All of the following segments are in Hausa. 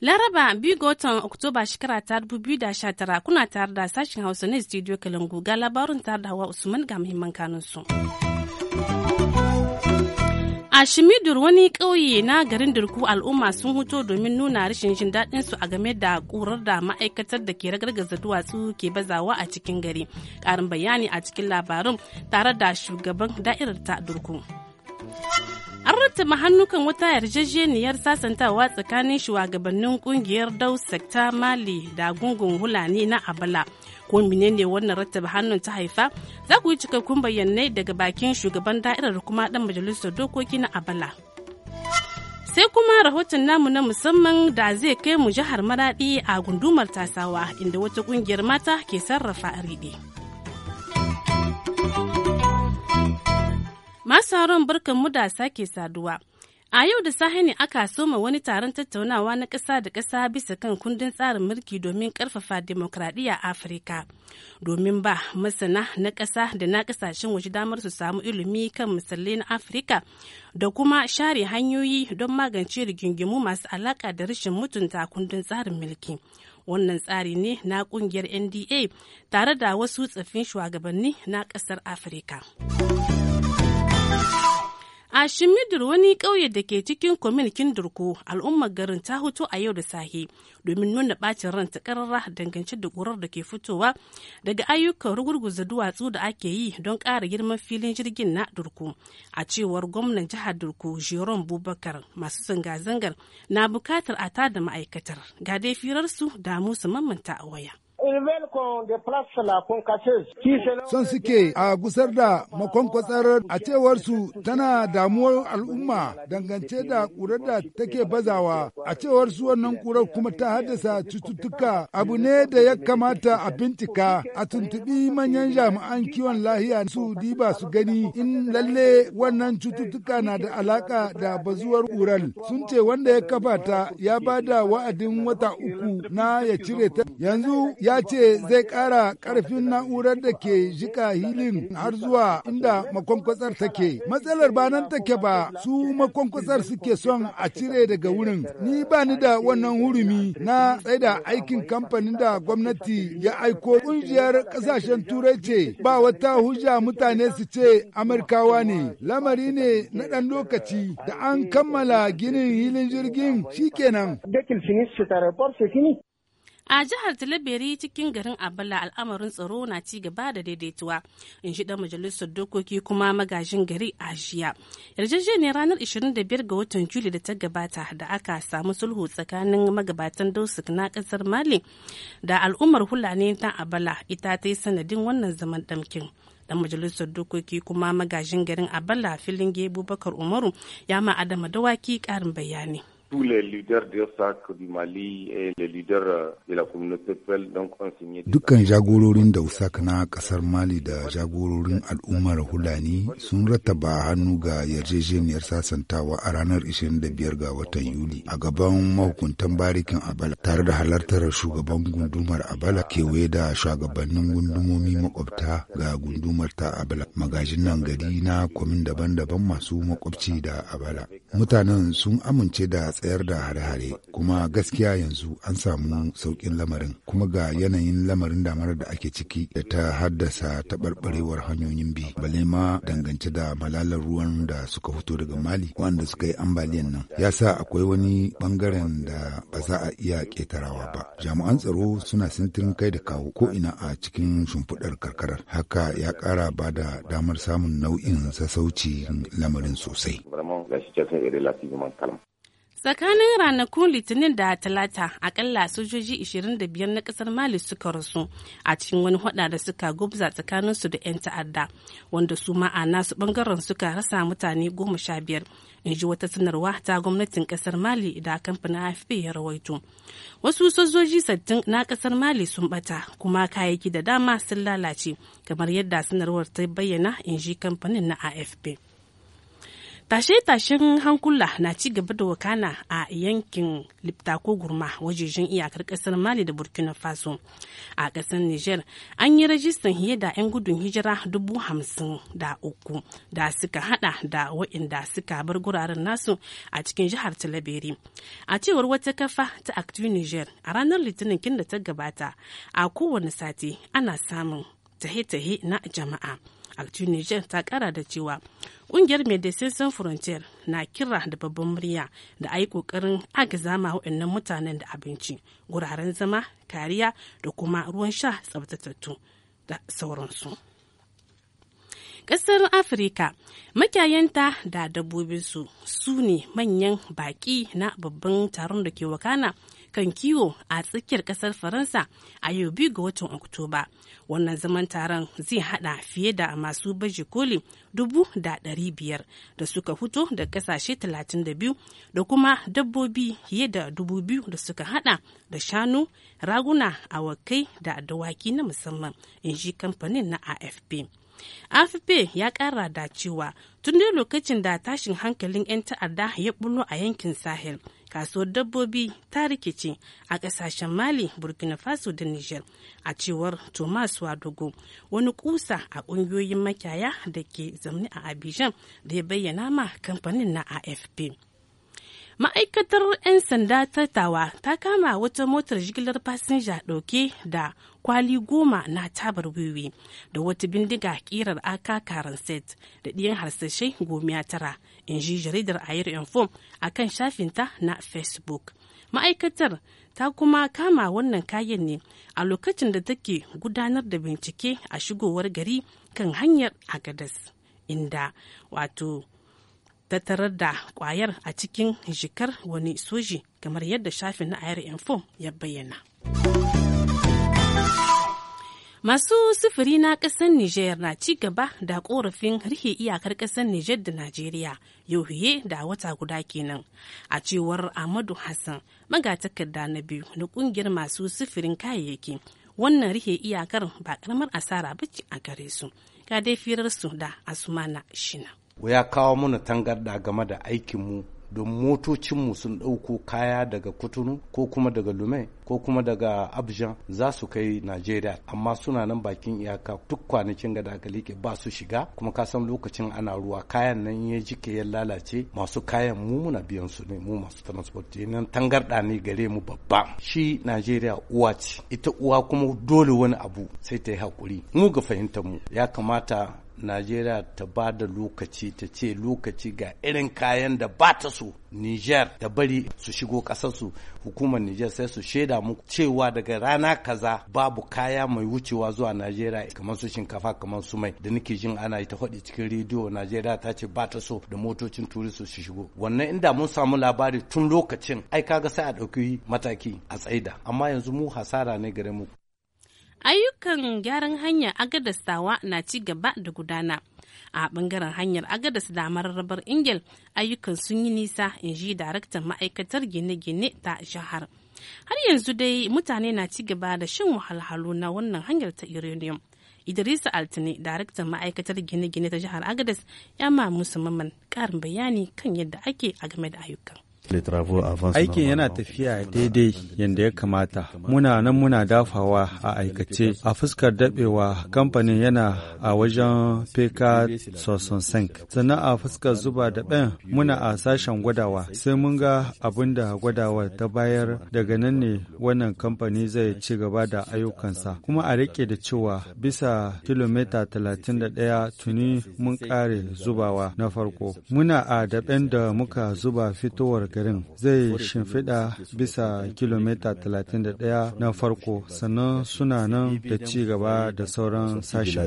laraba bi ga watan oktoba shekara ta dubu biyu da sha tara kuna tare da sashin hausa ne studio kalangu ga labarin tare da hawa usman ga muhimman kanun su. A Shimidur wani ƙauye na garin durku al'umma sun huto domin nuna rashin jin daɗin su a game da ƙurar da ma'aikatar da ke ragargaza duwatsu ke bazawa a cikin gari. karin bayani a cikin labarin tare da shugaban da'irar ta Durku. An rattaba hannukan wata yarjejeniyar sasantawa tsakanin shugabannin ƙungiyar Dausek ta Mali da gungun Hulani na Abala ko menene wannan rattaba hannun ta haifa za ku yi cikakkun bayanai daga bakin shugaban da'irar kuma dan majalisar dokoki na abala sai kuma rahoton namu na musamman da zai kai mu jihar maradi a gundumar tasawa inda wata kungiyar mata ke sarrafa riɗe. masu haron barkan mu da sake saduwa A yau da sahi ne aka soma wani taron tattaunawa na ƙasa da ƙasa bisa kan kundin tsarin mulki domin ƙarfafa demokradiyya a Afirka. Domin ba masana na ƙasa da na ƙasashen waje damar su samu ilimi kan misalai na Afirka da kuma share hanyoyi don magance rigingimu masu alaƙa da rashin mutunta kundin tsarin mulki. Wannan tsari ne na ƙungiyar NDA tare da wasu tsaffin shugabanni na ƙasar Afirka. A Shimidur wani ƙauye da ke cikin kwamilkin Durko al'ummar garin ta hutu a yau da sahi domin nuna ɓacin ran ta karara dangance da ƙurar da ke fitowa daga ayyukan rugurguza duwatsu da ake yi don ƙara girman filin jirgin na Durko. A cewar gwamnan jihar Durko Jerome Bubakar masu zanga-zangar na bukatar a tada ma'aikatar ga dai firarsu da musu mamanta a waya. Son suke a gusar da makonkwatsar a cewar su tana damuwar al'umma dangance da ƙurar da take bazawa a cewar su wannan ƙurar kuma ta haddasa cututtuka abu ne da ya kamata a bincika a tuntuɓi manyan jami'an kiwon lahiya su diba su gani in lalle wannan cututtuka na da alaƙa da bazuwar ƙurar sun ce wanda ya kafa ta ya ba da wa'adin wata uku na ya cire ta yanzu ya ya ce zai ƙara karfin na'urar da ke jika hilin har zuwa inda mankwankwasar take. Matsalar ba nan take ba su makwankwasar suke son a cire daga wurin. Ni ba ni da wannan hurumi na tsaida aikin kamfanin da gwamnati ya aiko ƙungiyar kasashen turai ce ba wata hujja mutane su ce Amurkawa ne. Lamari ne na ɗan lokaci da an kammala ginin hilin jirgin shikenan. a jihar talabiri cikin garin abala al'amarin tsaro na ci gaba da daidaituwa in shi dan majalisar dokoki kuma magajin gari a jiya yarjejeniyar ranar 25 ga watan juli da ta gabata da aka samu sulhu tsakanin magabatan dosik na kasar mali da al'ummar hulani ta abala ita ta yi sanadin wannan zaman damkin dan majalisar dokoki kuma magajin garin abala filin gebu bakar umaru ya ma adama dawaki karin bayani tous les leaders de SAC du Mali et les leaders euh, de la communauté donc ont signé. Dukkan jagororin Dausak na kasar Mali da jagororin al'ummar Hulani sun rattaba hannu ga yarjejeniyar sasantawa a ranar 25 ga watan Yuli a gaban mahukuntan barikin Abala tare da halartar shugaban gundumar Abala kewaye da shugabannin gundumomi makwabta ga gundumar ta Abala magajin nan gari na kwamin daban-daban masu makwabci da Abala. mutanen sun amince da tsayar da hare-hare kuma gaskiya yanzu an samu sauƙin lamarin kuma ga yanayin lamarin damar da ake ciki da ta haddasa taɓarɓarewar hanyoyin bi bale ma dangance da malalar ruwan da suka fito daga mali waɗanda suka yi ambaliyan nan ya sa akwai wani ɓangaren da ba za a iya ƙetarawa ba jami'an tsaro suna sintirin kai da kawo ko ina a cikin shimfiɗar karkarar haka ya ƙara ba da damar samun nau'in sassauci lamarin sosai. relativement calme. tsakanin ranakun litinin da talata akalla sojoji 25 na kasar mali suka rasu a cikin wani hada da suka gubza su da 'yan ta'adda wanda su a nasu bangaren suka rasa mutane goma sha biyar in ji wata sanarwa ta gwamnatin kasar mali da kamfanin afp ya rawaito wasu sojoji sattin na kasar mali sun bata kuma kayayyaki da dama sun lalace kamar yadda sanarwar ta bayyana in ji kamfanin na afp tashe-tashen hankula na ci gaba da wakana a yankin ko gurma wajejen iyakar kasar mali da burkina faso a kasar niger an yi rajistan fiye da 'yan gudun hijira dubu hamsin da uku da suka hada da waɗanda suka bar guraren nasu a cikin jihar talabiri a cewar wata kafa ta active niger a ranar litinin kin da ta gabata a kowane sati ana samun tahe-tahe na jama'a a ta kara da cewa kungiyar Medecins Sans Frontier na kira da babban murya da ayi yi kokarin ma waɗannan mutanen da abinci, guraren zama, kariya da kuma ruwan sha tsabtatattu da sauransu. Ƙasar Afirka makiyayanta da dabbobinsu su ne manyan baƙi na babban taron da ke wakana kan kiwo a tsakiyar kasar faransa a yau biyu ga watan oktoba wannan zaman taron zai hada fiye da masu baje koli dubu da ɗari biyar da suka fito da kasashe talatin da biyu da kuma dabbobi fiye da dubu biyu da suka hada da shanu raguna awakai da dawaki na musamman in ji kamfanin na afp afp ya kara da cewa tun dai lokacin da tashin hankalin 'yan ta'adda ya bulo a yankin sahel kasuwar dabbobi ta rikice a kasashen mali burkina faso da niger a cewar thomas wadogo wani kusa a kungiyoyin makiyaya da ke zamne a abidjan da ya bayyana ma kamfanin na afp ma'aikatar 'yan sanda ta tawa ta kama wata motar jigilar fasinja dauke da kwali goma na tabar wiwi da wata bindiga kirar aka karan set da ɗiyan harsashe gomiya tara in ji jaridar ayar info a kan shafinta na facebook ma'aikatar ta kuma kama wannan kayan ne a lokacin da take gudanar da bincike a shigowar gari kan hanyar agadas inda wato ta tarar da kwayar a cikin jikar wani soji kamar yadda shafin na ayar info ya bayyana. Masu sufuri na ƙasar Nijar na ci gaba da ƙorafin rihe iyakar ƙasar Nijar da Najeriya yohiye da wata guda kenan. A cewar Ahmadu Hassan magatakarda na biyu na ƙungiyar masu sufurin kayayyaki wannan rihe iyakar ba ƙaramar asara ba ce a gare su. Ga dai su da Asumana Shina. Ya kawo mana tangarda game da aikinmu don motocinmu sun ɗauko kaya daga kutunu ko kuma daga lume ko kuma daga abjan za su kai najeriya amma suna nan bakin iyaka duk kwanakin da aka ba su shiga kuma ka san lokacin ana ruwa kayan nan ya jike ya lalace masu kayan mu muna biyan su ne mu masu transport nan tangarda ne gare mu babba shi najeriya uwa ce ita uwa kuma dole wani abu sai ta yi hakuri. mu ga fahimtar mu ya kamata najeriya ta ba da lokaci ta ce lokaci ga irin kayan da ba ta so niger da bari su shigo ƙasarsu hukumar niger sai su shaida muku cewa daga rana kaza babu kaya mai wucewa zuwa najeriya kamar su shinkafa kamar su mai da nake jin ana yi ta faɗi cikin rediyo najeriya ta ce ba ta so da motocin turist su shigo wannan inda mun samu labari tun lokacin ai kaga sai a ɗauki mataki a tsaida amma yanzu mu hasara ne gare mu ayyukan gyaran hanyar dawa na ci gaba da gudana a bangaren hanyar agadas da mararrabar ingil ayyukan sun yi nisa in ji daraktan ma'aikatar gine-gine ta jihar har yanzu dai mutane na ci gaba da shan wahalhalu na wannan hanyar ta uranium idrisa altine daraktan ma'aikatar gine-gine ta jihar agadas ya ma musamman karin bayani kan yadda ake a game da ayyukan Aikin yana tafiya daidai yadda ya kamata. Muna nan muna dafawa a aikace. A fuskar daɓewa kamfanin yana a wajen peka soson Sannan a fuskar zuba daɓen muna a sashen gwadawa. Sai mun ga abin da gwadawa ta bayar daga nan ne wannan kamfani zai ci gaba da ayyukansa. Kuma a rike da cewa bisa kilomita talatin da ɗaya tuni mun ƙare zubawa na farko. Muna a daɓen da muka zuba fitowar garin zai shimfiɗa bisa kilomita 31 na farko sannan suna nan da ci gaba da sauran sashen.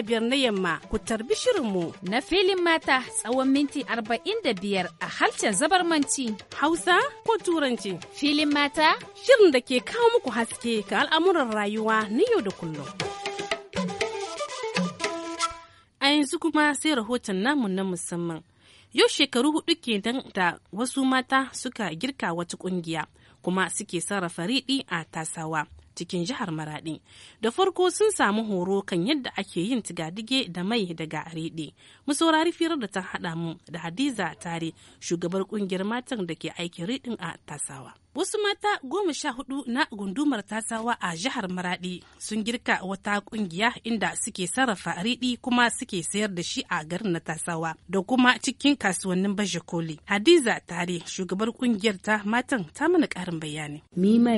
15 na yamma ku tarbi shirinmu. Na filin mata tsawon minti arba'in da biyar a halcin zabarmanci. Hausa ko Turanci. Filin mata. Shirin da ke kawo muku haske ga al'amuran rayuwa na yau da kullum. A yanzu kuma sai rahoton namu na musamman. Yau shekaru hudu kenan da wasu mata suka girka wata kungiya kuma suke sarrafa riɗi a tasawa. cikin jihar Maradi Da farko sun samu horo kan yadda ake yin tigadige da mai daga arede. Mu saurari firar da ta haɗa mu da Hadiza Tare, shugabar ƙungiyar matan da ke aikin ridin a Tasawa. Wasu mata goma sha hudu na gundumar tasawa a jihar Maradi sun girka wata kungiya inda suke sarrafa ridi kuma suke sayar da shi a garin na tasawa da kuma cikin kasuwannin baje koli. Hadiza Tare shugabar kungiyar ta matan ta mana karin bayani. Mima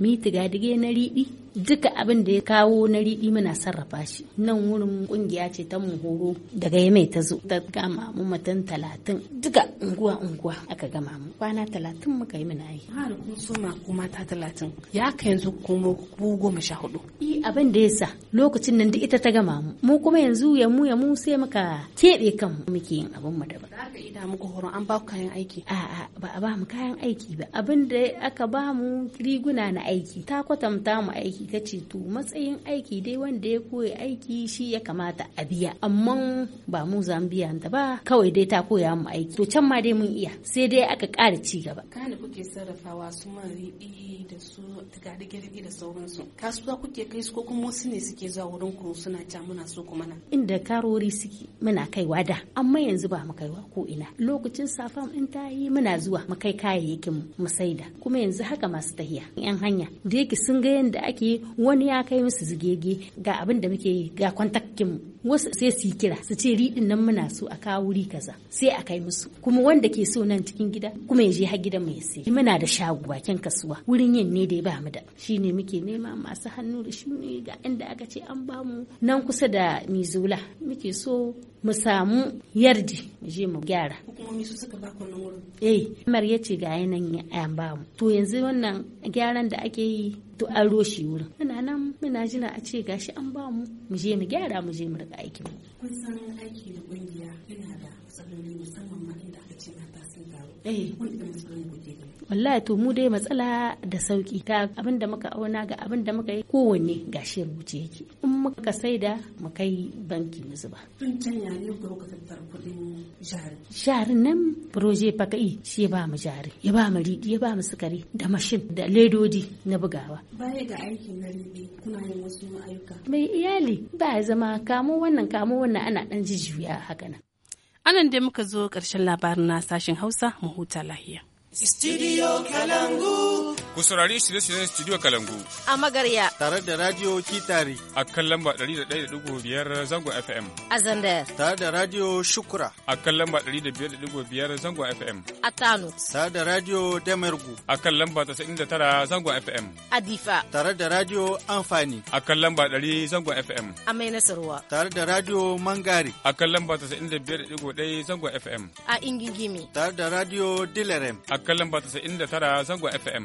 mi tiga dige na riɗi duka abin da ya kawo na riɗi muna sarrafa shi nan wurin kungiya ce ta muhoro. daga yamai ta zo ta gama mu matan talatin duka unguwa unguwa aka gama mu kwana talatin muka yi muna yi har kun suma ku mata talatin ya ka yanzu kuma ku goma sha hudu i abin da ya sa. lokacin nan duk ita ta gama mu mu kuma yanzu ya mu ya mu sai muka keɓe kan muke yin abin mu ba za ka ida muku horon an ba ku kayan aiki a a ba a ba mu kayan aiki ba abin da aka ba mu riguna na aiki ta kwatanta mu aiki aiki ce to matsayin aiki dai wanda ya koya aiki shi ya kamata a biya amma ba mu za mu biya ta ba kawai dai ta koya mu aiki to can ma dai mun iya sai dai aka ƙara ci gaba kana kuke sarrafawa su man riɗi da su tagadige girbi da sauransu kasuwa kuke kai su ko kuma wasu ne suke zuwa wurin ku suna ca muna so kuma na. inda karori suke muna kaiwa da amma yanzu ba mu kaiwa ko ina lokacin safan in ta yi muna zuwa mu kai kayayyakin mu saida kuma yanzu haka masu tahiya yan hanya da yake sun ga yanda ake zigege wani ya kai musu zigege ga abin da muke yi ga kwantakkin wasu sai su kira su ce riɗin nan muna so a kawo wuri kaza sai a kai musu kuma wanda ke so nan cikin gida kuma ya je har gidan mai sai muna da shago bakin kasuwa wurin yin ne ya ba mu da shine muke nema masu hannu da shi ne ga inda aka ce an bamu nan kusa da mizola muke so mu samu yardi mu je mu gyara hukumomi su suka ba wurin eh yace ga yanan an bamu to yanzu wannan gyaran da ake yi to an roshi wurin muna nan muna jina a ce gashi an ba mu mu je mu gyara mu je mu rika aikin mu kun san aiki da kungiya yana da matsaloli musamman ma inda aka ce mata wallah to mu dai matsala da sauki ta abin da muka auna ga abin da muka yi kowanne gashi rubuce yake in muka saida mu kai banki mu zuba tun can ya ne ku ka tattar kudin jari jari nan proje kai shi ya ba mu jari ya ba mu riɗi ya ba mu sukari da mashin da ledodi na bugawa baya ga aikin na ridi kuna yin wasu ayyuka mai iyali ba zama kamo wannan kamo wannan ana dan jijjuya haka nan anan dai muka zo ƙarshen labarin na sashen hausa mu huta lahiya. Studio Kalangu. Ku saurari shirye-shiryen Studio Kalangu. A Magarya. Tare da Radio Kitari. A kan lamba 101.5 zangon FM. A Zandayar. Tare da Radio Shukura. A kan lamba 105.5 zangon FM. A Tano. Tare da Radio Damergu. A kan lamba 99 zangon FM. A Difa. Tare da Radio Amfani. A kan lamba 100 zangon FM. A Mai Nasarwa. Tare da Radio Mangari. A kan lamba 95.1 zangon FM. A Ingigimi. Tare da Radio Dilerem. A kan lamba 99 zangon FM.